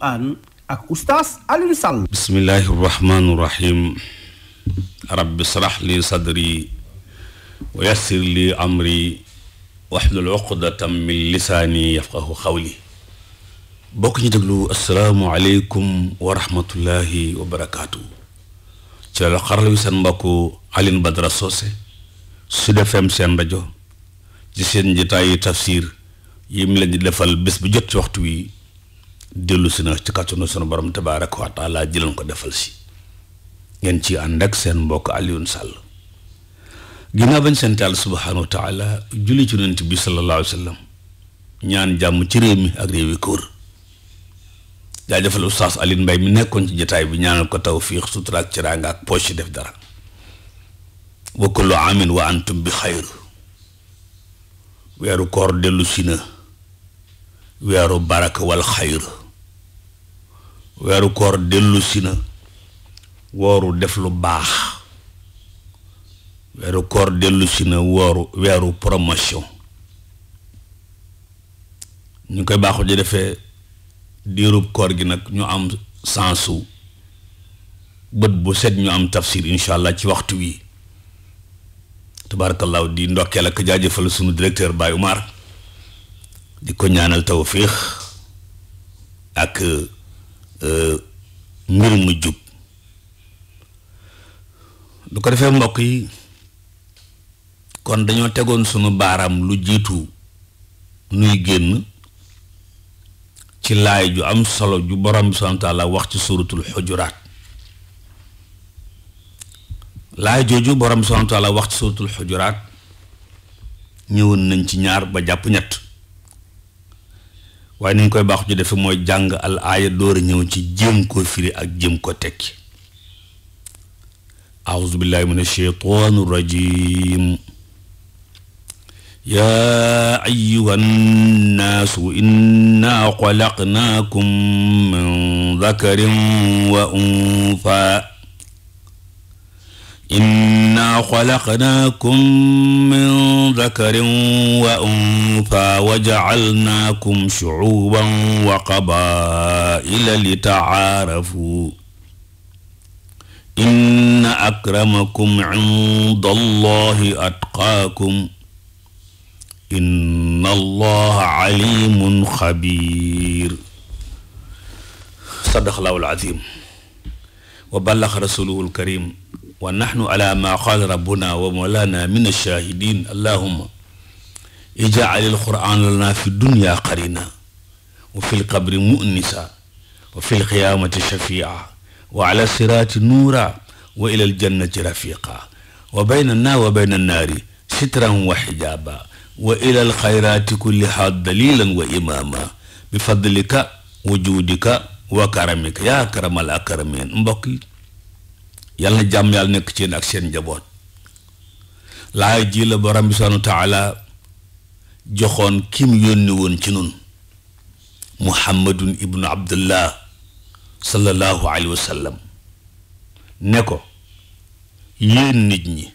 alquran ak oustaz Alioune Sall. bismillahi rahmaani rahim rabbi srax li sadri wa yassir li amri waxlul uqdatam min lisaani yafqahu xawli bokk ñu déglu asalaamualeykum wa rahmatullahi wa barakaatu. ci la xarala wi seen mbokku Alioune Badara Socé Sud FM seen rajo ci seen njitaayu tafsir yi mu leen di defal bés bu jot ci waxtu wi dellu si na ci kàttanu sunu borom tabaaraka wa taala ko defal si ngeen ci ànd ak seen mbokk Alioune Sall ginnaaw bañ sant Yàlla subhaanahu wa taala julli ci Yonent bi sallallahu alayhi ñaan jàmm ci réew mi ak réew yi ko wër jaajëfal Oustaz Alioune Mbaye mi nekkoon ci jataay bi ñaanal ko tawfiix sutura ak ciraanga ak poche def dara wa kullu aamin wa antum bi xayr weeru koor dellu na weeru baraka wal xayr weeru koor dellu si na wooru def lu baax weeru koor dellu na wooru weeru promotion ñu koy baaxu di defee diirub koor gi nag ñu am sansu bët bu set ñu am tafsir incha allah ci waxtu wi tabaarakallaahu di ndokkeel ak jaajëfal sunu directeur Baye Umar di ko ñaanal tawfiix ak Euh, mbir mu jub lu ko defee mbokk yi kon dañoo tegoon sunu baaraam lu jiitu nuy génn ci laay ju am solo ju borom bi subhaanahu wa wax ci suuratul xujuraat laay jooju borom bi subhaanahu wa wax ci suuratul xujuraat ñëwoon nañ ci ñaar ba jàpp ñett waaye nañ koy baax ju defe mooy jàng al aaya door a ci jéem ko firi ak jéem ko tekki aouzu billahi min ashaytan rajim yaa ayuha nnaasu inna xalaqnaakum min dakarin wa unfa inna xalaqnaakum min dakarin wa untha wa jacalnaakum shucuuban wa qabaa'ila litacaarafu inna akramakum cinda allahi atqaakum inna allaha caliimun xabiir sadaqallaahu alcaziim wa ballaga rasuluhu alkariim wa nahnu ala ma qaala rabbuna wa mawlana min ash-shahidin allahumma ij'al al-qur'ana lana fi dunya qarina wa fi l-qabri mu'nisa wa fi l-qiyamati shafi'a wa ala sirati nuura wa ila al-jannati rafiqa wa baynana wa bayna an-naari sitran wa hijaaba wa ila al-khayrati kulliha dalilan wa imama bi fadlika wa juudika wa karamika ya akramal akramin mbokk yi yàlla jàmm yàlla nekk ci yéen ak seen njaboot laay ji la borom bi subhaanahu wa taala joxoon kim yónni woon ci nun muhammadun ibnu abdullah sallallahu alayhi wa sallam ne ko yéen nit ñi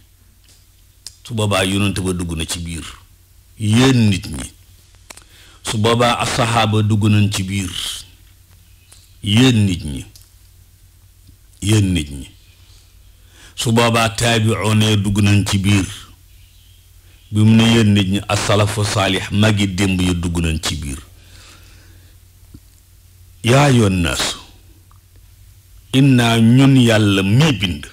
su boobaa yonent ba dugg na ci biir yéen nit ñi su boobaa asaxaaba dugg nañ ci biir yéen nit ñi yéen nit ñi su boobaa taabicoon ya dugg nañ ci biir bi mu ne yéen nit ñi asalafu saalix magi démb yi dugg nañ ci biir yaa yoon naasu innaa ñun yàlla mii bind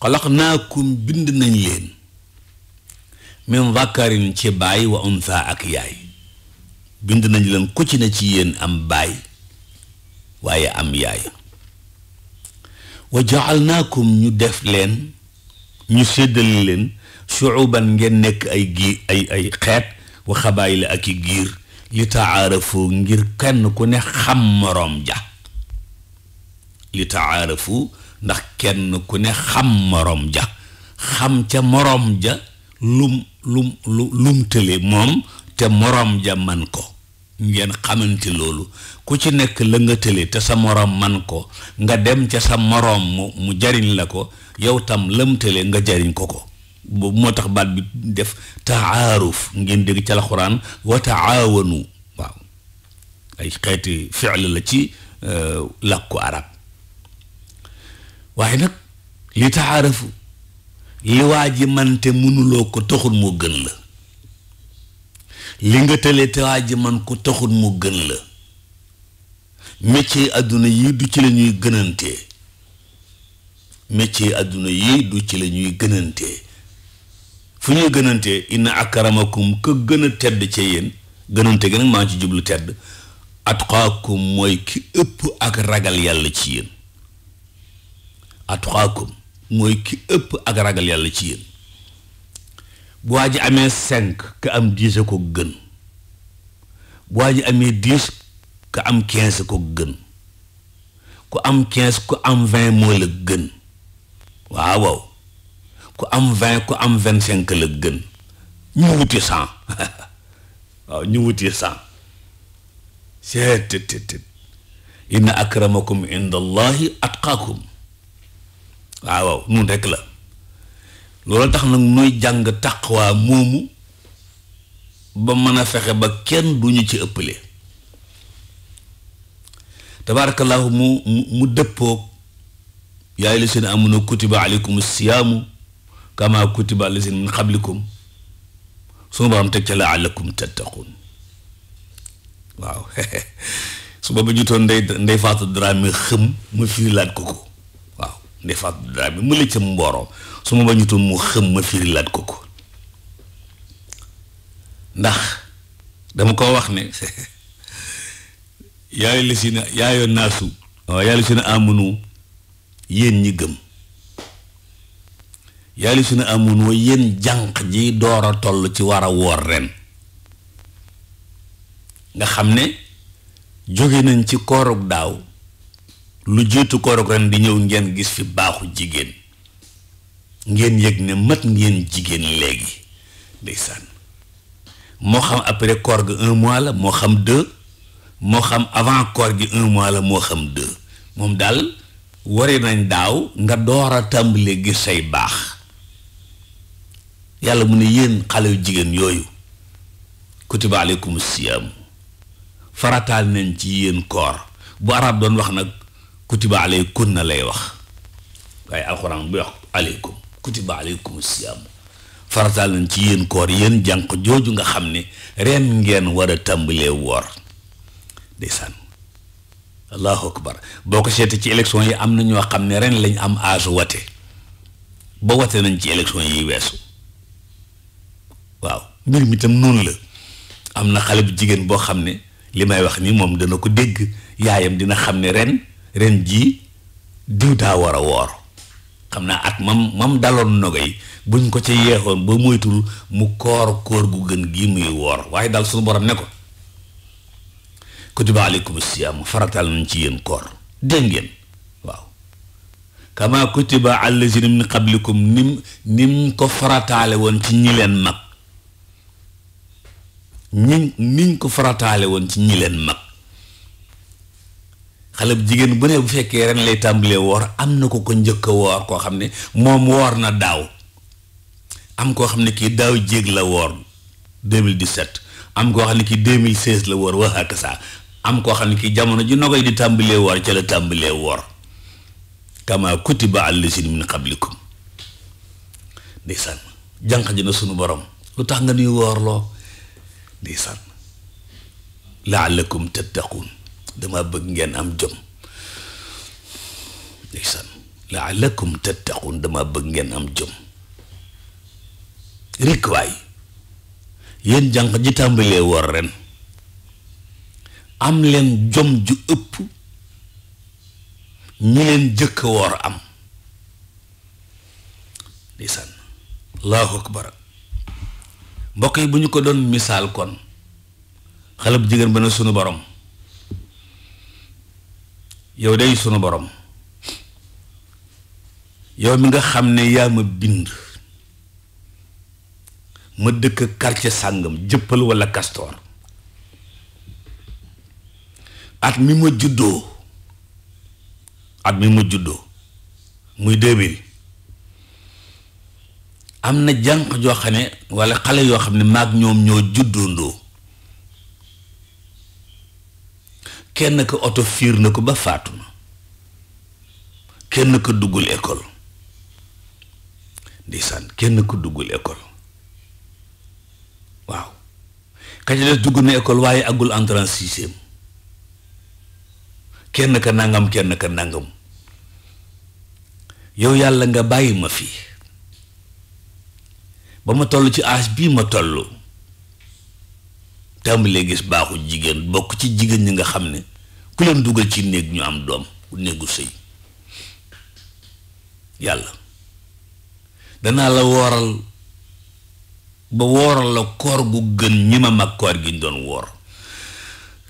xalaq naakum bind nañ leen min vakarin ci baay wa untha ak yaay bind nañ leen ku ci ne ci yéen am baay waaye am yaay wa jaalnaakum ñu def leen ñu séddale leen shuuban ngeen nekk ay gi ay ay xeet wa xabaayila ak i giir li taarafu ngir kenn ku ne xam moroom ja li taarafu ndax kenn ku ne xam moroom ja xam ca moroom ja lum lum lum tële moom te moroom ja man ko ngeen xamante loolu ku ci nekk la nga tële te sa morom man ko nga dem ca sa moroom mu mu jariñ la ko yow tam lam tële nga jariñ ko ko boobu moo tax baat bi def taaruf ngeen dégg ca alxuraan wa taawanu waaw ay xeeti la ci euh, làkku arab waaye nag li taarafu li waa ji mante mënuloo ko toxul moo gën la li nga tële te aji man ko taxul mu gën la métier àdduna yi du ci la ñuy gënante métier àdduna yi du ci la ñuy gënante fu ñuy gënante inna akaramakum ka gën a tedd ca yéen gënante gi maa ci jublu tedd atqaakum mooy ki ëpp ak ragal yàlla ci yéen atqaakum mooy ki ëpp ak ragal yàlla ci yéen bu waa ji amee cinq ka am dix ko gën bu waa ji amee dix ka am quinze ko gën ku am quinze ku am vingt moo la gën waaw waaw ku am vingt ku am vingt cinq la gën ñu wuti cent waaw ñu wuti cent seet tit tit akramakum inda allahi atqaakum waaw waaw nun rekk la loolu tax nag nuy jàng taqwa moomu ba mën a fexe ba kenn du ñu ci ëppale tabaarakallaahu mu mu dëppoog yaa ayyuhal lazina aamanu kutiba aleykum siyaamu kama kutiba alal lazina min su ma baam teg ca laallakum tattaqun waaw su ba ba jutoon ndey ndey faatu dara mi xëm mu firilaat ko ko waaw ndey faatu dara mi mu lëccëm mbooroom su ma bañutoon mu xëm ma firilaat ko ko ndax dama ko wax ne yaayu la si na yaayu naasu waaw yaayu la na amunu yéen ñi gëm na amunu yéen jànq ji door a toll ci war a woor ren nga xam ne jóge nañ ci koorug daaw lu jiitu koorug ren di ñëw ngeen gis fi baaxu jigéen ngeen yëg ne mat ngeen jigéen léegi ndeysaan moo xam après koor gi un mois la moo xam deux moo xam avant koor gi un mois la moo xam deux moom daal wari nañ daaw nga door a tàmbalee gis say baax yàlla mu ne yéen xale yu jigéen yooyu kutiba aleykum siyaam farataal nañ ci yéen koor bu arab doon wax nag kutiba aleykunna lay wax waaye alxuraan bu wax aleykum kutiba aleykum siyaam farataal nañ ci yéen koor yéen jànq jooju nga xam ne ren ngeen war a tàmbalee woor ndeysaan allahu akbar boo ko seetee ci élection yi am na ñoo xam ne ren lañ am âge wate ba wate nañ ci élection yi weesu waaw mbir mi tam noonu la am na xale bu jigéen boo xam ne li may wax ni moom dana ko dégg yaayam dina xam ne ren ren jii diw daa war a woor xam naa at ma mam daloon nogay buñ ko ca yeexoon ba moytul mu koor koor gu gën gi muy woor waaye daal suñu borom ne ko kutiba aleykum siyaam faratal nañ ci yéen koor dégg ngeen waaw kama kutiba allazina ko farataale woon ci ñi leen mag ñi niñ ko farataale woon ci ñi leen mag xale bu jigéen bu ne bu fekkee ren lay tàmbalee woor am na ko ko njëkk woor koo xam ne moom woor na daaw am koo xam ne kii daaw jéeg la woor 2017 am koo xam ne kii la woor wax ak saa am koo xam ne kii jamono ji nogoy di tàmbalee woor ca la tàmbalee woor kama kutiba allaziina min qablikum ndeysaan jànq ji na sunu boroom lu tax nga nuy woorloo ndeysaan laallakum tattaquun dama bëgg ngeen am jom ndeysaan laalakum tattaqun dama bëgg ngeen am jom rikk waay yéen jànq ji tàmbalee wor ren am leen jom ju ëpp ñi leen jëkk woor am ndeysaan allahu mbokk yi bu ñu ko doon misaal kon xale bu jigéen ba ne sunu borom yow day sunu borom yow mi nga xam ne yaa ma bind ma dëkk quartier sàngam jëppal walla kastoor at mi ma juddoo at mi ma juddoo muy deux am na jànq joo xam ne walla xale yoo xam ne maag ñoom ñoo juddoondoo kenn ka oto fiir na ko ba faatu na kenn ka duggul école ndeysaan kenn ka duggul école waaw ka dugg na école waaye agul entrant siseem kenn ka nangam kenn ka nangam yow yàlla nga bàyyi ma fi ba ma toll ci aas bii ma toll tàmbalee gis baaxul jigéen bokk ci jigéen ñi nga xam ne ku leen dugal ci néeg ñu am doom néegu sëy yàlla danaa la wooral ba wooral la koor gu gën ñi ma mag koor gi ñu doon woor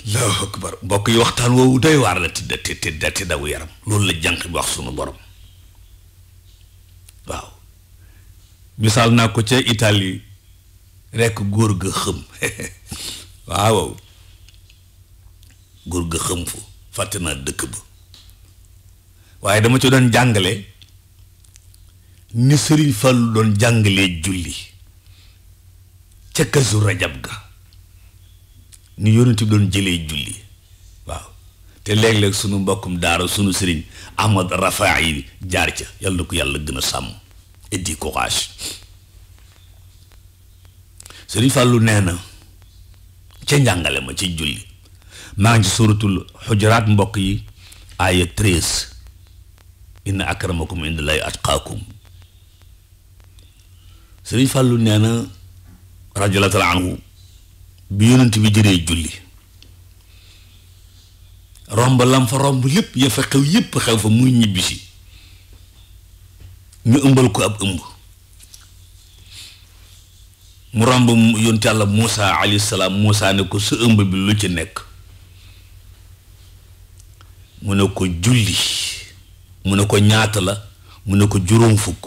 allahu akbar mbokk yi waxtaan woowu doy waar la tëdda tëdda tëdda wu yaram loolu la jànq bi wax sunu borom waaw misaal naa ko ca Italie rekk góor ga xëm waaw góor ga xëm fa fàtte naa dëkk ba waaye dama ci doon jàngale ni sëriñ Fallu doon jàngalee julli ca kasu rajab ga ni yonent bi doon jëlee julli waaw te léeg-léeg sunu mbokkum daara sunu sëriñ Ahmad Rafa jaar ca yàlla ko yàlla gën a sàmm et di courage sëriñ Fallu nee na ca njàngale ma ci julli maa ngi ci xujuraat mbokk yi aaya treize inna akramakum indallaahi atqaakum sëriñ fàllu nee na radiyallaahu anhu bi yonent bi jëree julli romb lam fa romb lépp ya xew fa muy ñibbisi ñu ëmbal ko ab ëmb mu romb yoon yàlla Muusa alayhi salaam Muusa ne ko sa ëmb bi lu ci nekk mu ne ko julli mu ne ko ñaata la mu ne ko juróom fukk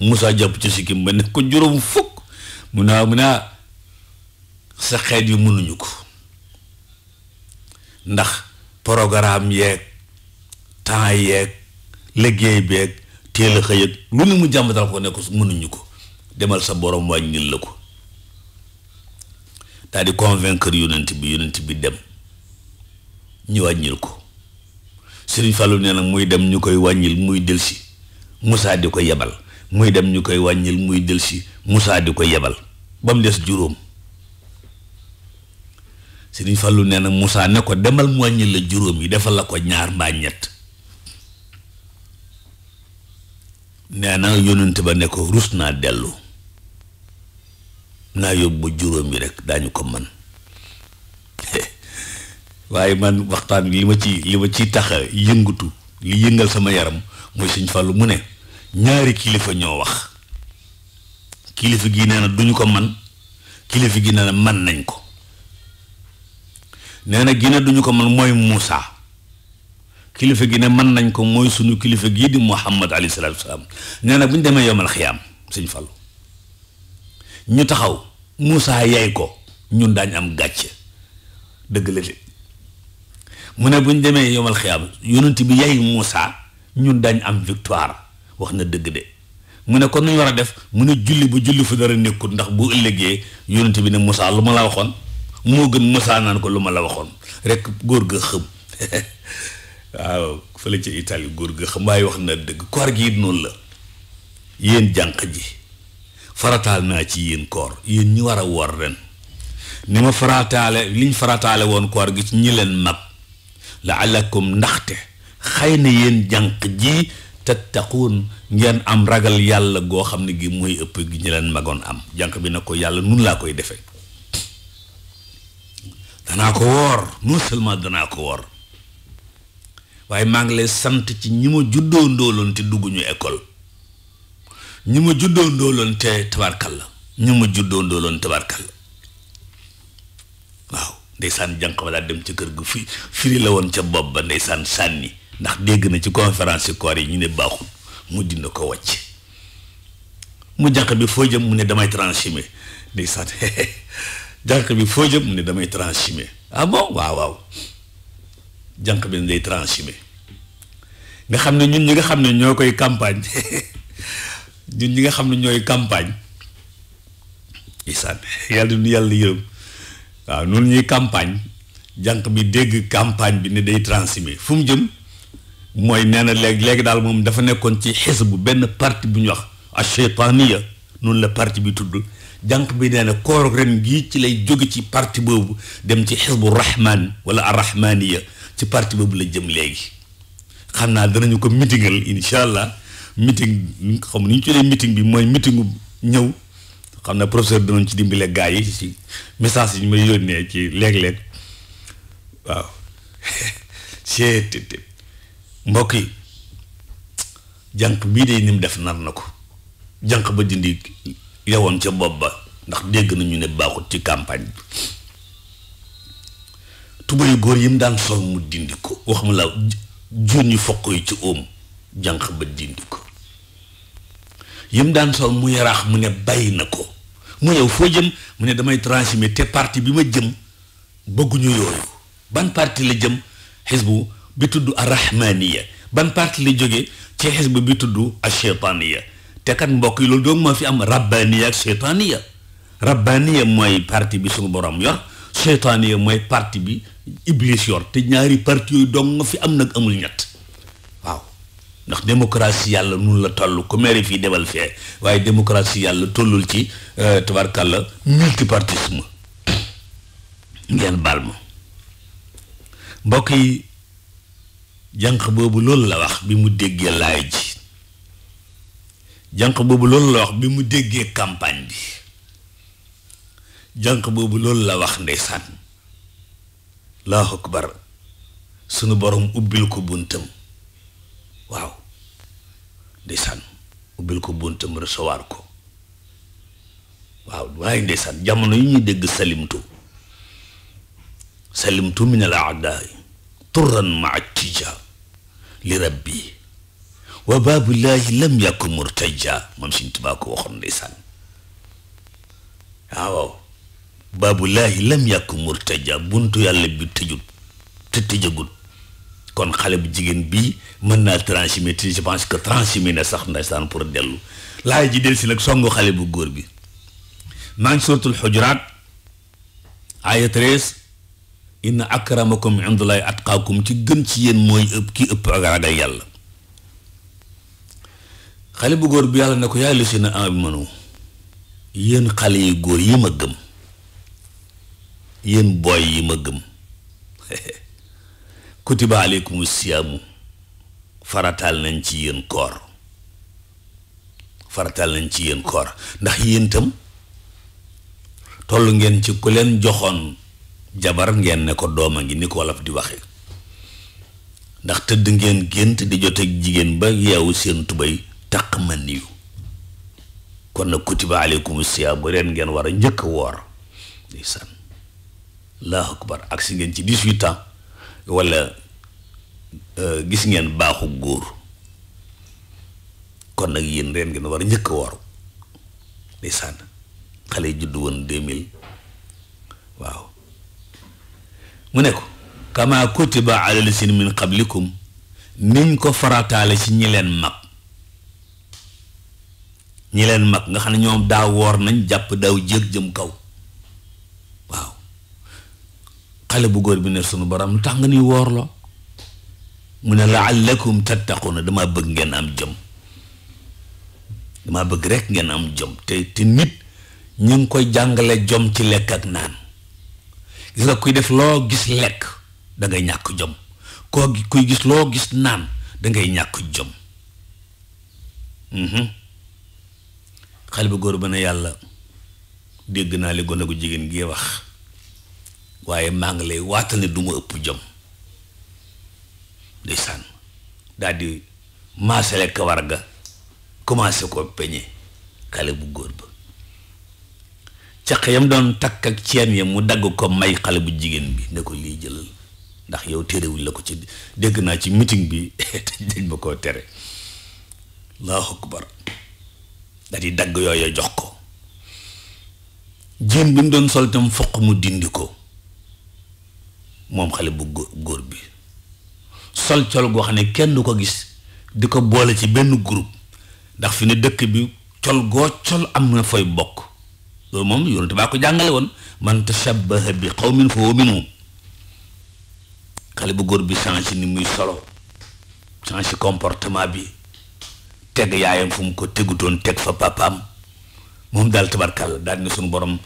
Moussa jàpp ci sikkim ba ne ko juróom fukk mu naa mu naa sa xeet yu mënuñu ko ndax programme yeeg temps yeeg liggéey beeg teel a xëy ak lu ne mu jàmbatal ko ne ko mënuñu ko demal sa borom wàññil la ko daal di convaincre yonent bi yonent bi dem ñu wàññil ko Serigne Fallou nee na muy dem ñu koy wàññil muy delsi Moussa di ko yebal muy dem ñu koy wàññil muy delsi Moussa di ko yebal ba mu des juróom Serigne Fallou nee na Moussa ne ko demal mu wàññil la juróom yi defal la ko ñaar mbaa ñett nee na yónnent ba ne ko rus naa dellu naa yóbbu juróom yi rek daañu ko mën waaye man waxtaan li ma ci li ma ci tax a li yëngal sama yaram mooy suñ fal mu ne ñaari kilifa ñoo wax kilifa gi nee na duñu ko man kilifa gi na man nañ ko nee na gi ne duñu ko man mooy Moussa kilifa gi ne man nañ ko mooy suñu kilifa gii di Muhammad alayhi salaatu wasalaam nee na bu ñu demee yomal xiyaam sëñ Fallou ñu taxaw Moussa yay ko ñun daañ am gàcce dëgg la de mu ne bu ñu demee yomal xiyaam yonent bi yay Moussa ñun dañ am victoire wax na dëgg de mu ne kon nu war a def mu ne julli bu julli fu dara nekkul ndax bu ëllëgee yonent bi ne Moussa lu ma la waxoon moo gën Moussa naan ko lu ma la waxoon rek góor ga xëm waaw fële ci Italie góor gi xam waaye wax na dëgg koor gi it noonu la yéen jànq ji farataal naa ci yéen koor yéen ñi war a wor ren ni ma farataale liñ farataale woon koor gi ci ñi leen mag la laalakum ndaxte xëy na yéen jànq ji tattaquun ngeen am ragal yàlla goo xam ne gi mooy ëpp gi ñu leen magoon am jànq bi na ko yàlla mun laa koy defe danaa ko woor non seulement danaa ko woor waaye maa ngi lay sant ci ñi ma juddoo ndooloon te dugg ñu école ñi ma juddoo ndooloon te tabarkal la ñi ma juddoo ndooloon tabarkal la waaw ndeysaan jànq ba daal dem ca kër gu fi firi la woon ca bopp ba ndeysaan sànni ndax dégg na ci conférence yi yi ñu ne baaxul mu na ko wàcc mu jànq bi foo jëm mu ne damay transhumé ndeysaan jànq bi foo jëm mu damay transhumé ah bon waaw waaw janq bi day transhumé nga xam ne ñun ñi nga xam ne ñoo koy campagne ñun ñi nga xam ne ñooy campagne ndeysaan yàlla nu yàlla yërëm waaw noonu ñuy campagne jànq bi dégg campagne bi ne day transhumé fu mu jëm mooy nee na léegi léegi daal moom dafa nekkoon ci xis bu benn parti bu ñu wax acheytaaniya noonu la parti bi tudd jànq bi nee na koor ren gii ci lay jóge ci parti boobu dem ci xisbu rahman wala arrahmaniya ci parti boobu la jëm léegi xam naa danañu ko mitingal incha allah miting xam ni ñu tuddee miting bi mooy mitingu ñëw xam ne professeur dinañ ci dimbale gaa yi ci message yi ñu may yónnee ci léeg-léeg waaw seet mbokk yi janq bii de ni def nar na ko janq ba dindi yowoon ca bopp ba ndax dégg nañu ne baaxut ci campagne bi tubayu góor yi mu daan sol mu dindi ko wax mu la jur ñu foq yi ci óom jànq ba dindi ko yëm daan sol muy yaraax mu ne bàyyi na ko mu yow foo jëm mu ne damay transmettre te parti bi ma jëm bëgguñu yooyu ban parti la jëm xisbu bi tudd arrahmaniya ban parti la jóge ci xisbu bi tudd asheytaaniya te kat mbokk yi loolu doog moo fi am rabbaniya ak seytaaniya rabbaniya mooy parti bi suñu borom yor seytaaniya mooy parti bi iblis yor te ñaari parti yooyu doom nga fi am nag amul ñett ndax démocratie yàlla nun la toll ku meeri fii demal fee waaye démocratie yàlla tollul ci euh, tabarkàlla multipartisme ngeen baal ma mbokk yi jànq boobu loolu la wax bi mu déggee laay ji jànq boobu loolu la wax bi mu déggee campagne bi janq boobu loolu la wax ndeysaan allahu akbar sunu borom ubbil ko buntam waaw ndeysaan ubbil ko buntam recevoir ko waaw waaye ndeysaan jamono yi ñuy dégg salimtu salimtu min al aadaay turan maa tija li rabbi wa baabullaahi lam yakun murtaja moom suñ tubaa ko ndeysaan waaw baabullaahi lam yakun murtaja buntu yàlla bi tëjut te tëjagut kon xale bu jigéen bi mën naa transhumé te pense que transhumé na sax ndeysaan pour dellu laay ji del si nag songu xale bu góor bi maa ngi suratul xujuraat aya treize inna akramakum indallaahi atqaakum ci gën ci yéen mooy ëpp ki ëpp ak xale bu góor bi yàlla ne ko yàlla lu si na amanu yéen xale yu góor yi ma gëm yéen booy yi ma gëm kutiba aleykum siyaamu farataal nañ ci yéen koor farataal nañ ci yéen koor ndax yéen itam toll ngeen ci ku leen joxoon jabar ngeen ne ko doom a ngi ni koo wolof di waxe ndax tëdd ngeen gént di jot joteeg jigéen ba yeewu seen tubéy taq ma niw kon nag kutiba aleykum siyaam reen ngeen war a njëkk woor ndeysaan allahu akbar ak si ngeen ci dix-huit ans wala euh, gis ngeen baaxu góor kon nag yéen ren ngeen war a njëkk a waru ndeysaan xale yi judd woon mille waaw mu ne ko kama kutiba ala lasin min qablikum niñ ko faraataale si ñi leen mag ñi leen mag nga xam ne ñoom daa woor nañ jàpp daaw jéeg jëm kaw xale bu góor bi ne sunu borom lu tax nga nuy woorloo mu ne la laallakum na dama bëgg ngeen am jëm dama bëgg rek ngeen am jëm te te nit ñu ngi koy jàngale jom ci lekk ak naan kuy def loo gis lekk ñàkk jom koo kuy gis loo gis naan da ñàkk jom mhm. xale bu góor ba ne yàlla dégg naa li gone gu jigéen gi wax waaye maa ngi lay waata duma du ëpp jom ndeysaan daal di maasale kawar ga commencé ko peñe xale bu góor ba caq yam doon takk ak ceen ya mu dagg ko may xale bu jigéen bi ne ko lii jëlal ndax yow téerewuñ la ko ci dégg naa ci meeting bi dañ ma koo tere allahu akbar da di dagg yooyu jox ko jéem bi mu doon sol tam foq mu dindi ko moom xale bu góor bi sol col goo xam ne kenn du ko gis di ko boole ci benn groupe ndax fi ne dëkk bi col goo col am na fooy bokk loolu moom yonent baa ko jàngale woon man tashabbaha bi qawmin fa huwa minhum xale bu góor bi changé ni muy solo changé comportement bi teg yaayam fu mu ko tegutoon teg fa papaam moom daal tabarkàlla daal ni suñu borom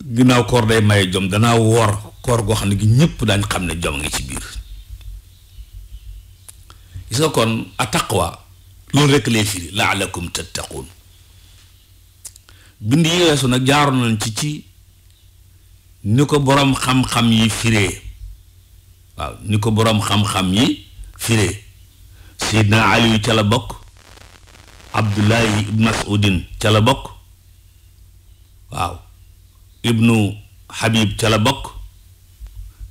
ginnaaw koor day maye jom danaa woor koor goo xam ne gi ñëpp daañ xam ne jom nga ci biir gis nga kon attaqwa loolu rek lay firi laalakum tattaquun bind yi nag jaaroon nañ ci ci ni ko boroom xam-xam yi firee waaw ni ko boroom xam-xam yi firee Seydina Aliyu ca la bokk Abdullahi ibn Mas'udin ca la bokk waaw ibnu Habib ca la bokk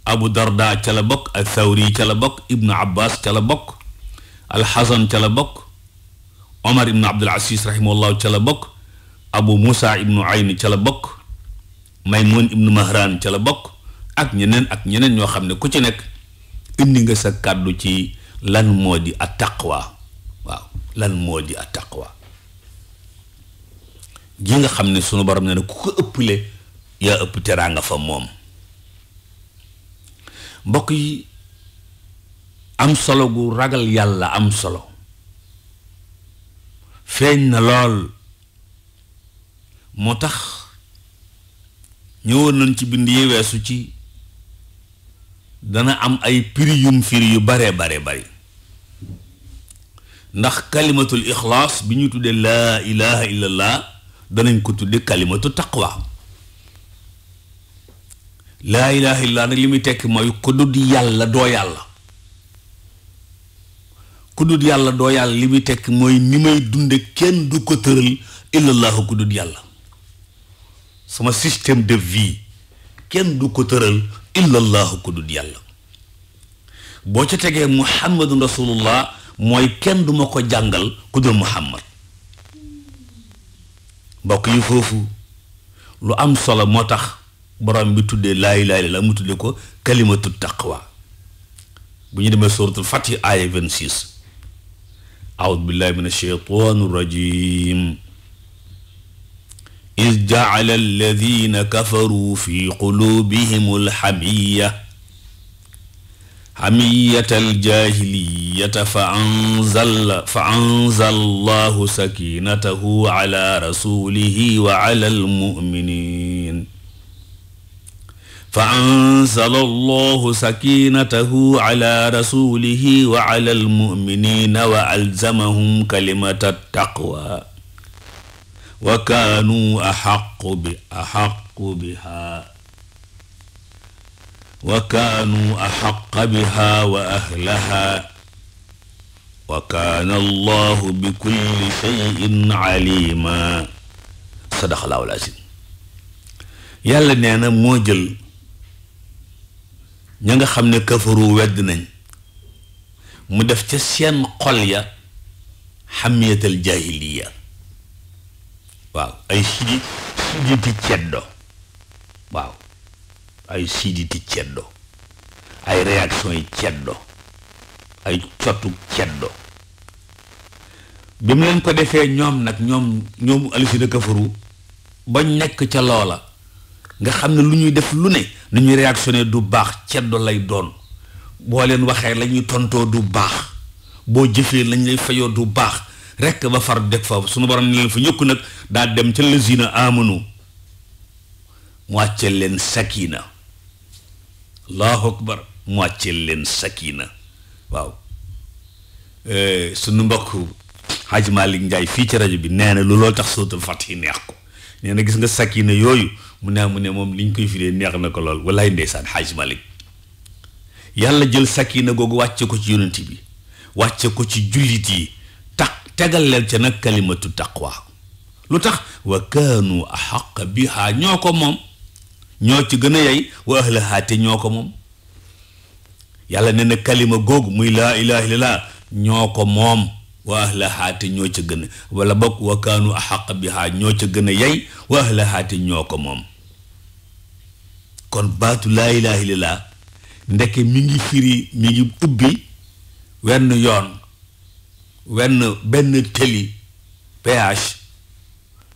Abu Darda ca la bokk al Thawri ca la bokk ibnu Abbas ca la bokk alxasan ca la bokk Omar ibnu Abdul Aziz ca la bokk Abu Moussa ibnu Ayn ca la bokk Maymoun ibnu Mahran ca la bokk ak ñeneen ak ñeneen ñoo xam ne ku ci nekk indi nga sa kàddu ci lan moo di at taqwa waaw lan moo di at taqwa gi nga xam ne sunu borom ne na ku ko ëpple yaa ëpp teraanga fa moom mbokk yi am solo gu ragal yàlla am solo feeñ na lool moo tax ñëwoon nañ ci bind yi weesu ci dana am ay prix yum firi yu bare bare bari ndax kalimatul ixlaas bi ñu tuddee laa ilaha illallah danañ ko tudde kalimatu taqwa laa ilaha illaa nag li muy tekki mooy ku dut yàlla doo yàlla ku yàlla doo yàlla li muy tekki mooy ni may dunde kenn du ko tëral illallahu ku yàlla sama système de vie kenn du ko tëral illallahu ku yàlla boo ca tegee muhammadun rasulullah mooy kenn du ma ko jàngal ku dul muhammad mbokk yi foofu lu am solo moo tax borom bi tuddee laa ilaaha illallaah mu tuddee ko kalimatu taqwa bu ñu demee suratul fatih aaya vingt-six aoudu billahi min alsheytan rajim is jacala alladina kafaruu fi qulubihim alxamiya xamiyata aljahiliyata fa anzala fa anzala allahu sakinatahu ala rasulihi wa ala almuminin fa anzala allahu sakinatahu ala rasulihi wa ala almuminina wa alzamahum kalimata taqwa wa kaanu axaqu bi axaqu biha wa kaanu axaqa biha wa ahlaha wa kaana allahu bi kulli cheyin alima sadaqallaahu al-aziim yàlla nee na moo jël ña nga xam ne kafaru wedd nañ mu def ca seen xol ya xamiyatal jaahiliya waaw ay sidi siditi ceddo waaw ay siditi ceddo ay réaction yi ceddo ay cotu ceddo bi mu leen ko defee ñoom nag ñoom ñoom alisina kafaru bañ nekk ca loola nga xam ne lu ñuy def lu ne lu ñuy réactionné du baax ceddo lay doon boo leen waxee la ñuy tontoo du baax boo jëfee lañ lay fayoo du baax rekk ba far deg fa suñu borom ne leen nag daa dem ca lazina amanu mu wàcceel leen sakina allahu akbar mu wàcceel leen sakina waaw euh, suñu mbokk Hadj Malick Ndiaye fii ci rajo bi nee na lu loolu tax sootul fatihi neex ko nee na gis nga sakina yooyu mu ne mu ne moom liñ koy firee neex na ko lool walaay ndeysaan xaaj malik yàlla jël sakina googu wàcce ko ci yonent bi wàcce ko ci jullit yi tax tegal leen ca nag kalimatu taqwa lu tax wa kaanu axaq biha ñoo ko moom ñoo ci gën a yey wa ahlaha ñoo ko moom na kalima googu muy laa ilaha ñoo ko moom wa ñoo ca gën a wala bokk wa kaanu axaq biha ñoo ca gën a yey wa ahlaha te ñoo ko moom kon baatu laa ilaha illallah ndeke mi ngi firi mi ngi ubbi wenn yoon wenn benn tëli péage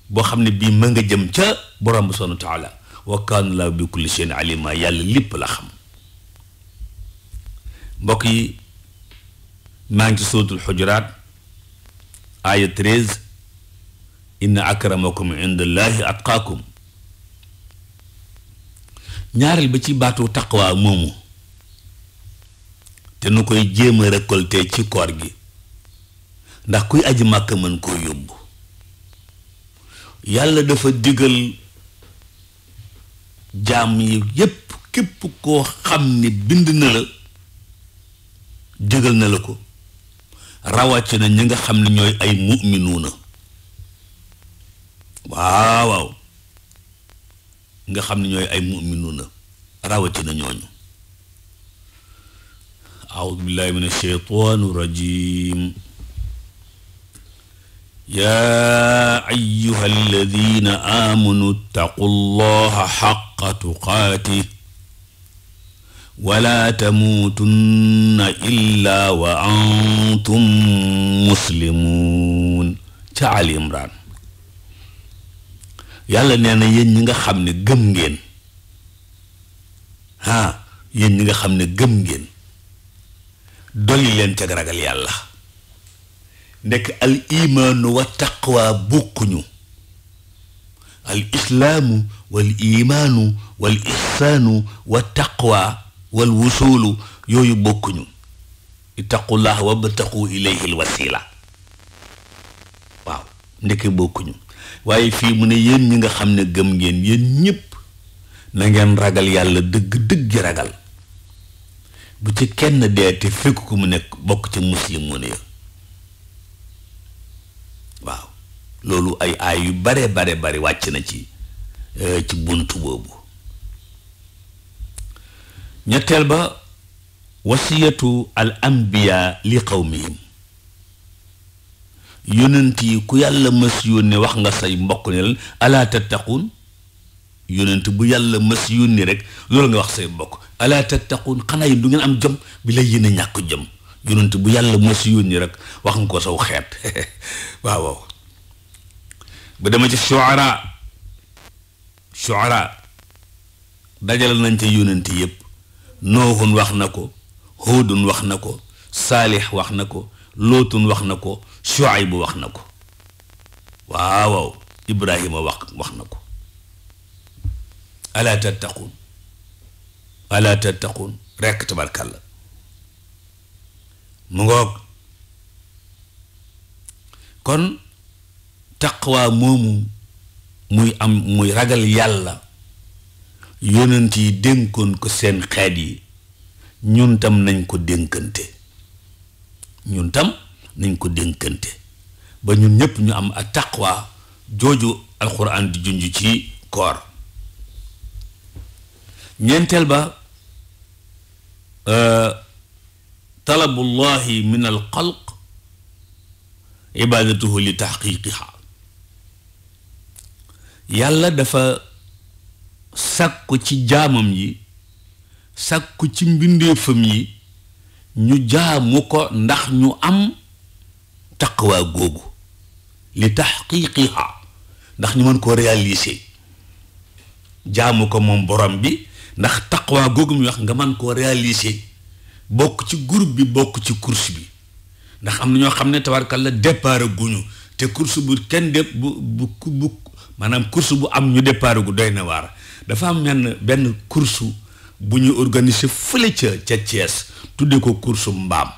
boo xam ne bii ma nga jëm ca borom bi subhanahu wa taala wa kaana laahu bi kulli shay'in alima yàlla lépp la xam mbokk yi maa ngi ci suuratul xujuraat aaya 13 inna akramakum inda allahi ñaareel ba ci baatu taqwa moomu te nu koy jéema a ci koor gi ndax kuy aji màkk mën koo yóbbu yàlla dafa digal jaam yi yépp képp koo xam ni bind na la digal na la ko rawatina ñi nga xam ne ñooy ay mu'minuuna waaw waaw nga xam ne ñooy ay muminuuna rawatina ñooñu aoudu billahi min alsheytaani rajim yaa ayuha alladina aamanu ttaqu llaha xaqa tuqaati wala tamuutunna illa wa antum muslimun ca Ali Imran yàlla nee na yéen ñi nga xam ne gëm ngeen ah yéen ñi nga xam ne gëm ngeen dolli leen ca ragal yàlla nekk al imaanu wa taqwa bokkuñu al islaamu wal imaanu wal ihsaanu wa taqwa wal wusuulu yooyu bokkuñu ittaqullah wabtaqu ilayhi l waaw ndeke bokkuñu waaye fii mu ne yéen ñi nga xam ne gëm ngeen yéen ñëpp na ngeen ragal yàlla dëgg dëgg ragal bu ci kenn dee te fekk ko mu nekk bokk ci mu ne waaw loolu ay aay yu bare bare bare wàcc na ci euh, ci bunt boobu ñetteel ba wasiyatu al anbiya li qawmihim yonent yi ku yàlla mës yónni wax nga say mbokk ne leen alaa tattaquun bu yàlla mës yónni rek loolu nga wax say mbokk alaa tattaquun xanaa yi du ngeen am jëm bi lay yéen a ñàkk jom yonent bu yàlla mës yónni rek wax nga ko saw xeet waaw waaw ba dama ci shuara shuara dajal nañ ca yonent yépp noohun wax na ko hóodun wax na ko saalix wax na ko lootun wax na ko Shuaybu wax na ko waaw waaw Ibrahima wax wax na ko alaata tattaquun alaa tattaquun rekk tabarkàlla mu ngoog kon taqwa moomu muy am muy ragal yàlla yonent yi dënkoon ko seen xeet yi ñun tam nañ ko dënkante ñun tam nañ ko dénkante ba ñu ñëpp ñu am ak taqwa jooju alquran di junj ci koor ñenteel ba euh, talabullahi min al xalq ibadatuhu li taxqiqiha yàlla dafa sàkku ci jaamam yi sàkku ci mbindeefam yi ñu jaamu ko ndax ñu am taqwa googu li taxqiqiha ndax ñu mën koo réaliser jaamu ko moom borom bi ndax taqwa googu muy wax nga mën koo réaliser bokk ci groupe bi bokk ci course bi ndax am na ñoo xam ne tabarkalla départ guñu te course bu kenn de bu bu bu maanaam course bu am ñu départ gu doy na waar dafa am benn benn course bu ñu organiser fële ca ca Thiès tudde ko course mbaam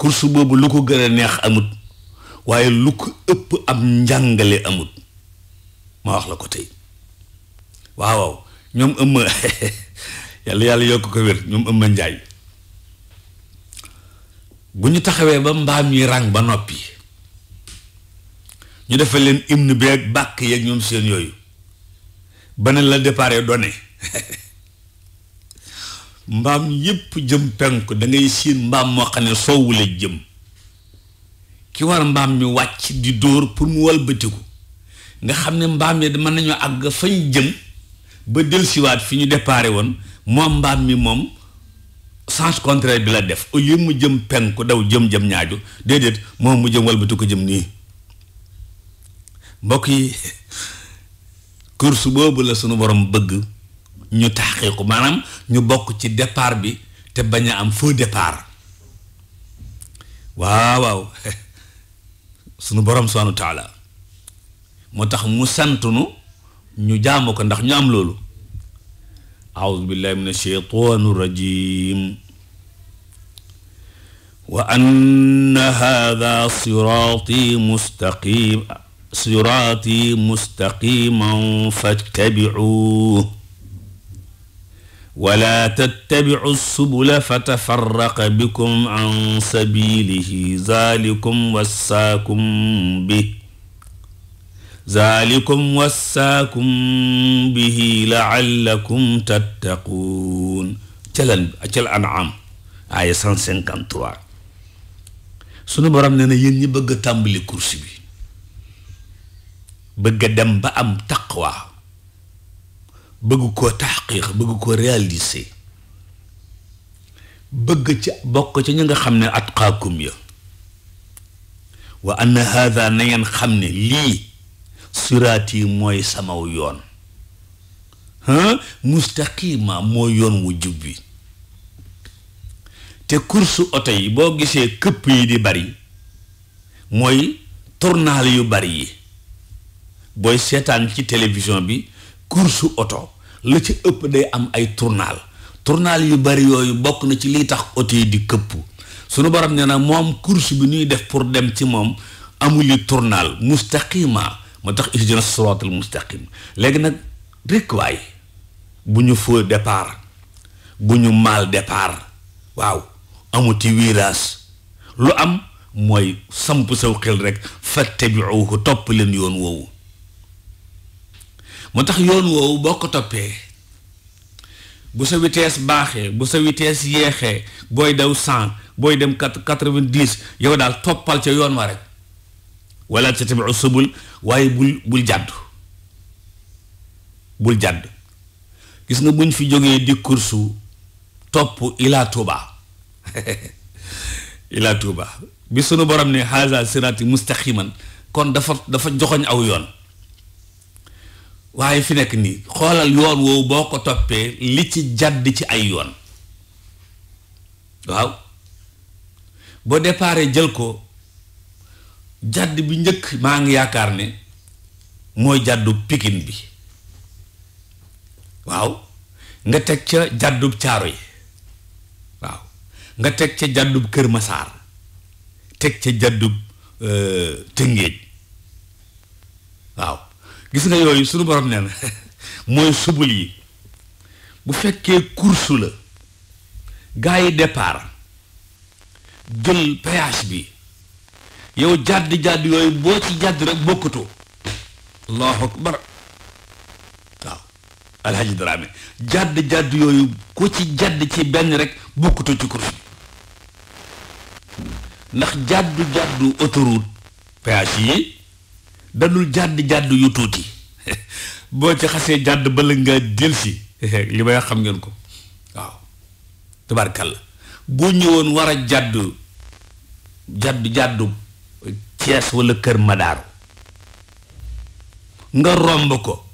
course boobu lu ko gën a neex amut waaye lu ko ëpp am njàngale amut ma wax la ko tey waawaw ñoom ëmma yàlla yàlla yokk ko wér ñoom ëmma njaay bu ñu taxawee ba mbaam yi ràng ba noppi ñu defal leen hymne bi ak bàkk yeeg ñoom seen yooyu ba ne la déparé donné mbaam yépp jëm penku da ngay siin mbaam moo xam ne soowu la jëm ki war mbaam mi wàcc di dóor pour mu walbatiku nga xam ne mbaam yi mën nañoo àgg fañ jëm ba delsiwaat fi ñu déparé woon moom mbaam mi moom sens contraire bi la def au lieu mu jëm penku daw jëm-jëm ñaaju déedéet moom mu jëm walbatiku jëm nii mbokk yi course boobu la sunu borom bëgg ñu taxqiiqu maanaam ñu bokk ci départ bi te bañ a am fu départ waaw waaw sunu borom subhaanahu wa taala moo tax mu santunu ñu jaamu ko ndax ñu am loolu aoudu billahi min asheytaani rajim wa anna hada siraati mustaqim siraati mustaqiman fattabicuuh wala tattabicu subula fatafarraqa bikum an sabilihi zalikum wassaakum bi zalikum wassaakum bihi laallakum tattaquun calan cal anam aaya 153 sunu borom nee na yéen ñi bëgg a tàmbali course bi bëgg a dem ba am taqwa bëgg ko taxqiq bëgg ko réaliser bëgg ci bokk ci ñi nga xam ne atqaakum ya wa anna haada na ngeen xam ne lii siraat mooy samaw yoon mustaqima moo yoon wu jub bi te kursu oto yi boo gisee këpp yi di bari mooy tournal yu bari yi booy seetaan ci télévision bi course oto la ci ëpp day am ay tournal tournal yu bari yooyu bokk na ci liy tax oto yi di këppu sunu borom nee na moom course bi ñuy def pour dem ci moom amuli tournal mustaqima ma tax ihdina siraatal mustaqim léegi nag rek waay bu ñu foo départ bu ñu mal départ waaw amuti virage lu am mooy samp saw xel rek fattabiuhu topp leen yoon woowu moo tax yoon woowu boo ko toppee bu sa vitesse baaxee bu sa vitesse yéexee booy daw cent booy dem quatre quatre vingt yow daal toppal ca yoon wa rek wala tattabiu subul waaye bul bul jàdd bul jàdd gis nga buñ fi jógee di kursu topp ila tuuba ila tuuba bi sunu borom ne haza sirati mustaqiman kon dafa dafa joxoñ aw yoon waaye fi nekk nii xoolal yoon woowu boo ko toppee li ci jàdd ci ay yoon waaw boo déparé jël ko jàdd bi njëkk maa ngi yaakaar ne mooy jàddu pikin bi waaw nga teg ca jàddub caaro yi waaw nga teg ca jàddub kër masaar teg ca jàddub euh, tëngéej waaw gis nga yooyu sunu borom nee mooy subul yi bu fekkee course la gars yi départ jël péage bi yow jàdd jàdd yooyu boo ci jàdd rek bokkutoo allahu akbar waaw alhaji Dramé jàdd jàdd yooyu ku ci jàdd ci benn rek bokkutoo ci course bi ndax jàddu jàddu autoroute péage yi dadul jàdd jàdd yu tuuti boo ci xasee jàdd bala ngaa delsi li may xam ngeen ko waaw tabarkalla boo ñëwoon war a jàdd jàdd jàddu Cees wala Kër Madaaru nga romb ko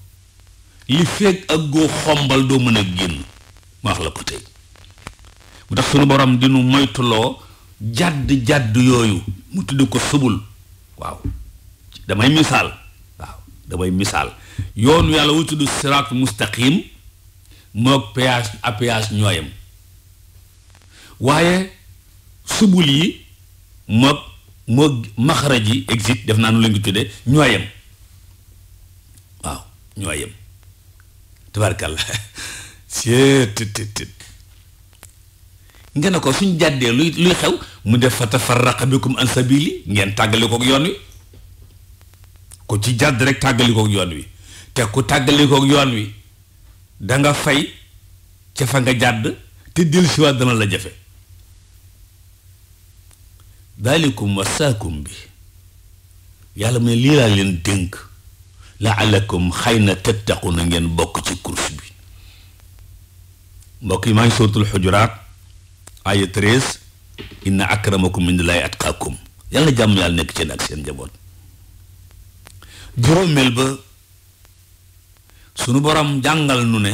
li fekk ak goo xombal doo mën a génn ma wax la ko bu tax sunu borom dinu moytuloo jàdd jàdd yooyu mu tudd ko subul waaw damay misaal waaw damay misaal yoonu yàlla wu tudd siraatu mustaqim moog péage apéage ñooyam waaye subul yi moog moog maxaraj yi exit def naa nu la ngi tudde ñooyam waaw ñooyam tabarkalla seet nga ne ko suñ jàddee luy luy xew mu def fa tafarraqa bikum an sabili ngeen tàggale ko yoon wi ko ci jàdd rek tàggalikook yoon wi te ku tàggalikook yoon wi danga fay ca fa nga jàdd te dellusiwaat dana la jafe daalikum wasaakum bi yàlla mu ne lii laa leen dénk laalakum xay na tattaqu na ngeen bokk ci course bi mbokk yi maa ngi suratul xujuraat aya treize inna akramakum indallaahi atqaakum yàlla jàmm yàlla nekk seen ak seen njaboot juróomeel ba sunu borom jàngal nu ne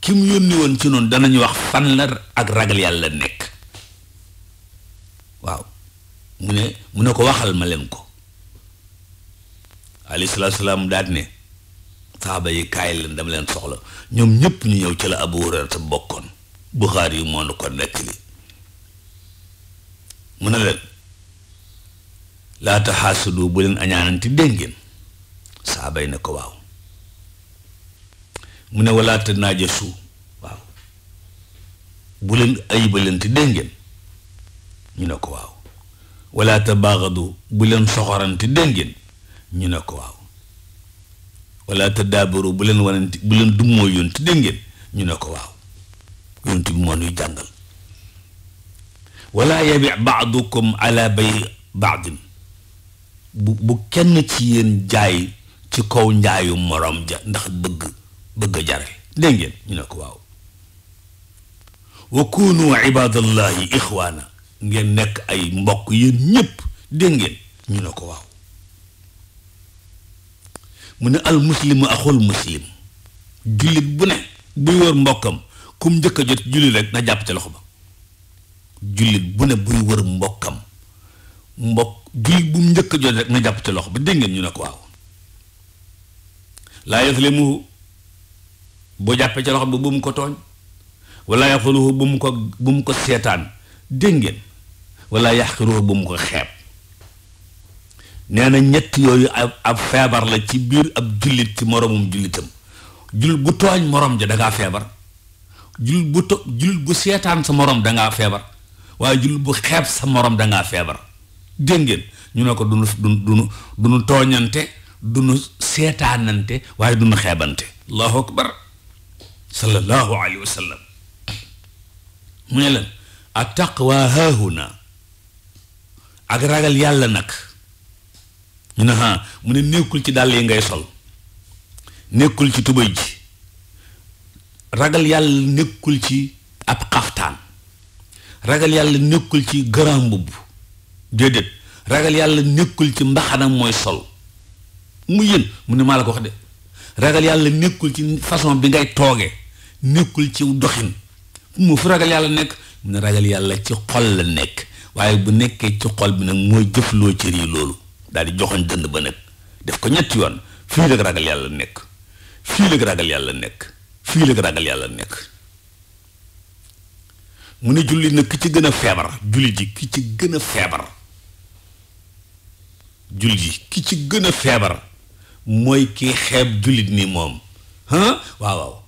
ki mu yónni woon ci noonu danañu wax fan la ak ragal yàlla nekk waaw mu ne mu ne ko waxal ma leen ko alayhi salaatu salaam daat ne saaba yi kaay leen dama leen soxla ñoom ñëpp ñu ñëw ci la Abu Hurayra bokkoon Buxaari yi moo nu ko nekk li mu ne leen laa taxaasudu bu leen añaananti dégg saabay na ko waaw mu ne walaa te naaja suu waaw bu leen ayibalanti dégg ngeen ñu ne ko waaw walaa te baaxadu bu leen soxoranti dégg ñu ne ko waaw walaa te daabaru bu leen wananti bu leen dummoo yonti dégg ngeen ñu ne ko waaw yonti bi moo nuy jàngal walaa yabi baadukum ala bay baadin bu bu kenn ci yéen jaay ci kaw njaayu morom ja ndax bëgg bëgg a jare dégg ngeen ñu ne ko waaw wa kunu ibadallahi ixwaana ngeen nekk ay mbokk yéen ñépp dégg ñu ne ko waaw mu ne al muslimu muslim jullit bu ne buy wër mbokkam kum njëkk a jot jullit rek na jàpp ci loxo ba jullit bu ne buy wër mbokkam mbokk bii bu njëkk jot rek na jàpp ci loxo bi dégg ñu ne ko waaw laa yaslimuhu boo jàppee ci loxo ba bu mu ko tooñ wala yaxuruhu bu ko bu mu ko seetaan dégg walla wala yaxqiruhu bu mu ko xeeb nee na ñett yooyu ab feebar la ci biir ab jullit ci moroomum jullitam jullit bu tooñ moroom ja dangaa feebar jullit bu to jullit bu seetaan sa moroom dangaa feebar waaye jullit bu xeeb sa moroom dangaa feebar dégg ñu ne ko du nu du nu tooñante dunu nu seetaanante waaye du nu xeebante allahu akbar sallallahu alayhi wa sallam mu ne leen at taqwa haahuna ak ragal yàlla nag ñu ne ha mu ne nekkul ci dàll yi ngay sol nekkul ci tubëy ji ragal yàlla nekkul ci ab xaftaan ragal yàlla nekkul ci grand mbubb déedéet ragal yàlla nekkul ci mbaxanam mooy sol mu yéen mu ne maa la ko wax ragal yàlla nekkul ci façon bi ngay toogee nekkul ci doxin mu fu ragal yàlla nekk mu ne ci xol la nekk waaye bu nekkee ci xol bi nag mooy jëfloo cër yi loolu daal di joxoñ dënd ba nag def ko ñetti yoon ragal yàlla nekk fii la ragal yàlla nekk fii la ragal yàlla nekk mu ne julli nag ki ci gën a feebar julli ji ki ci gën a feebar jullit yi ki ci gën a feebar mooy kii xeeb jullit ni moom ah waaw waaw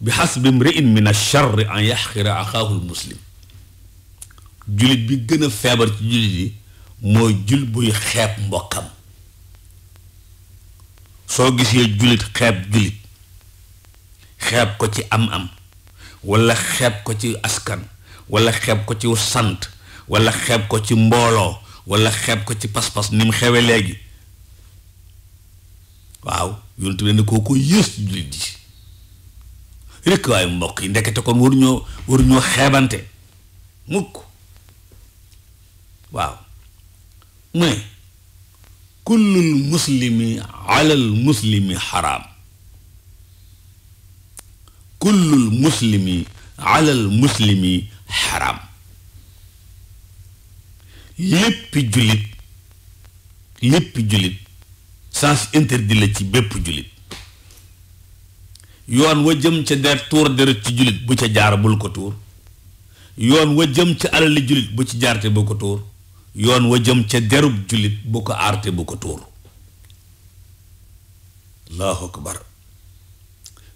bi xasbi mriin min acharri an yaxqira axaahul muslim jullit bi gën a feebar ci jullit mooy jul buy xeeb mbokkam soo gisee jullit xeeb jullit xeeb ko ci am-am wala xeeb ko ci askan wala xeeb ko ci sant wala xeeb ko ci mbooloo wala xeeb ko ci pas-pas ni mu xewe léegi waaw yonent bi ne kooku yées jullit yi rekk waaye mbokk yi ndekete kon waruñoo waruñoo xeebante mukk waaw mu ne kullul muslimi muslimi xaraam kullul muslimi alal léppi jullit léppi jullit sans interdit ci bépp jullit yoon wa jëm ca deret tuur deret ci jullit bu ca jaar bul ko tuur yoon wa jëm ca alali bu ci jaarte bu jëm ca derub jullit bu ko aarte bu ko tuur allahu akbar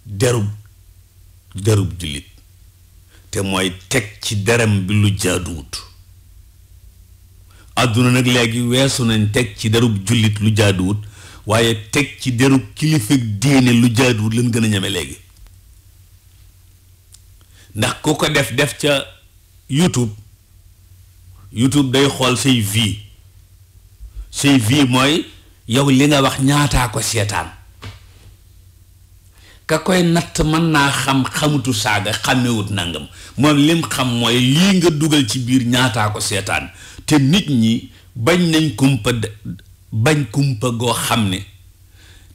derub derub jullit te mooy teg ci deram bi lu jaaduwut àdduna nag léegi weesu nañ teg ci derub jullit lu jaaduwut waaye teg ci derub kilifa diine lu jaaduwut lañ gën a ñeme léegi ndax ku ko def def ca YouTube YouTube day xool say vie say vie mooy yow li nga wax ñaataa ko seetaan ka koy natt mën naa xam xamatu saaga xàmmewut nangam moom lim xam mooy lii nga dugal ci biir ñaataa ko seetaan te nit ñi bañ nañ kumpa bañ kumpa goo xam ne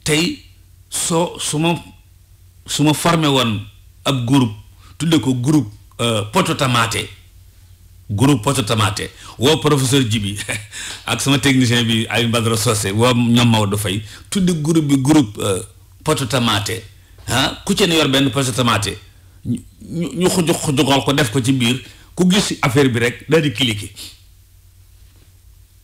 tey soo su ma su ma formé woon ab groupe tuddee ko groupe euh, poto tamaate groupe poto tamaate woo professeur Djibi ak suma technicien bi Alioune Badara Socé woo ñoom Maodo Faye tudde groupe bi groupe euh, poto tamaate ah ku ci ne yor benn poto tamaate ñu ñu xuju xujuxal ko def ko ci biir ku gis affaire bi rek daal di cliquer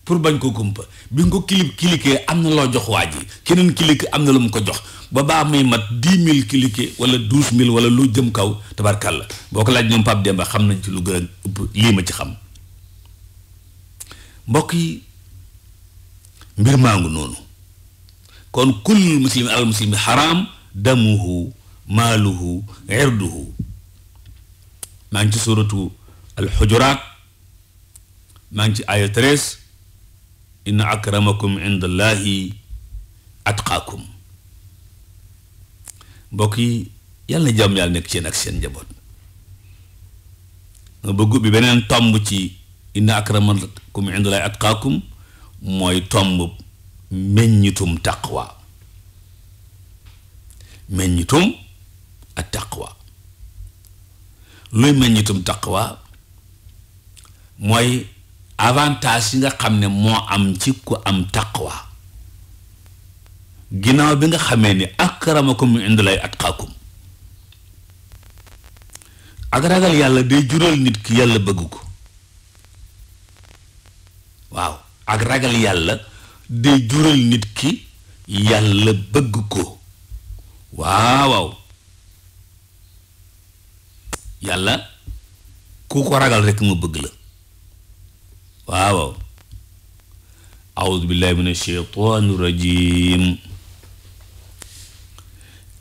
pour bañ koo kumpa bi nga ko clip cliquer am na loo jox waa ji keneen clique am na lu mu ko jox ba baa muy mat dix mille cliquer wala douze mille wala lu jëm kaw tabarkàlla boo ko laaj ñoom Pape Demba xam nañ ci lu gën a ëpp lii ma ci xam yi mbir maa noonu kon kullul muslimin alal xaraam damuhu maaluhu irduhu maa ngi ci suratu al xujuraat maa ngi ci aya inna akramakum indallahi atqaakum mbokk yi yàlla na jàmm yàlla nekk seen ak seen njaboot nga bëgg bi beneen tomb ci inna akramakum indallahi atqaakum mooy tomb meññitum taqwa meññitum ak taqwa luy meññitum taqwa mooy avantage yi nga xam ne moo am ci ku am taqwa ginnaaw bi nga xamee ni akramakum indallaahi atqaakum ak ragal yàlla day jural nit ki yàlla bëgg ko waaw ak ragal yàlla day jural nit ki yàlla bëgg ko waaw waaw yàlla ku ko ragal rekk mu bëgg la waaw audu billahi min asheytaani rajim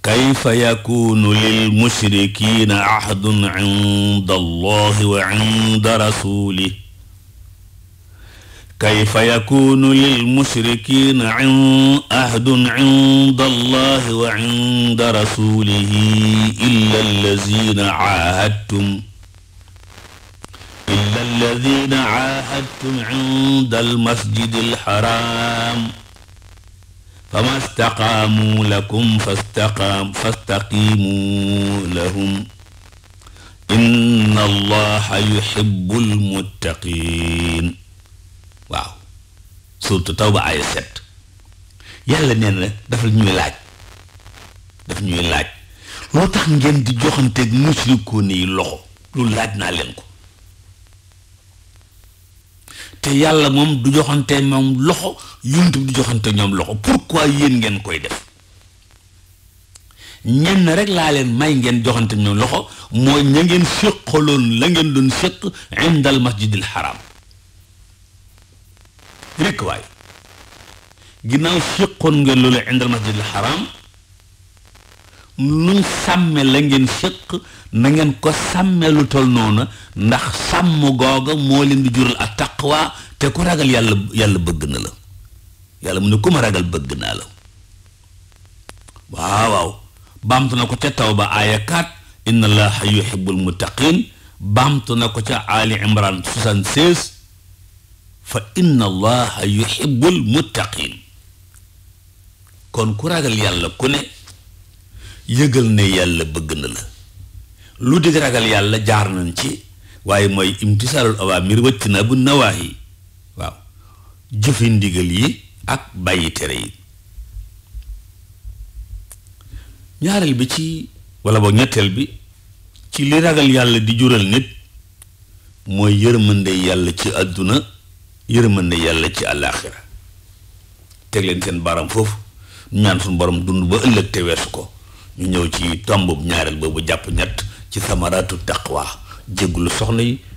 kayfa yakunu lil mushrikina ahdun inda allahi wa inda rasulih kayfa yakunu lil mushrikina ahdun inda allahi wa inda rasulihi illa allazina aahadtum illa alladina aahadtum inda almasjidi alxaram fama staqaamu lakum fastaqaam fastaqimu lahum inna allaha yuhibbul muttaqin waaw surtout tawba ay set yàlla nee na dafa ñuy laaj daf ñuy laaj loo tax ngeen di joxanteeg musrikoon yi loxo lu laaj naa leen ko te yàlla moom du joxante moom loxo yonent bi du joxante ñoom loxo pourquoi yéen ngeen koy def ñenn rek laa leen may ngeen joxante ñoom loxo mooy ña ngeen séqaloon la ngeen doon séq indal masjidil haram rekk waay ginnaaw séqoon ngeen loolu indal masjidil haram sàmme la ngeen séq na ngeen ko sàmme lu tol noona ndax sàmm googa moo leen di jural ak taqwa te ku ragal yàlla yàlla bëgg na la yàlla mu ne ku ma ragal bëgg naa la waaw waaw baamtu na ko ca tawba aaya 4 inna allaha yuhibbul muttaqin baamtu na ko ca ali imran 76 fa inna allaha yuhibbul muttaqin kon ku ragal yàlla ku ne yëgal ne yàlla bëgg na la lu dig ragal yàlla jaar nañ ci waaye mooy imtisaalul awaamir wëcc na bu nawaahi waaw jëfe ndigal yi ak bàyyi tere yi ñaareel bi ci walla boog ñetteel bi ci li ragal yàlla di jural nit mooy yërmande yàlla ci àdduna yërmande yàlla ci àllaaxira teg leen seen baram foofu ñu ñaan suñu borom dund ba ëllëg te weesu ko ñu ñëw ci tomb ñaareel boobu jàpp ñett ci samaraatu waa jéggulu soxna yi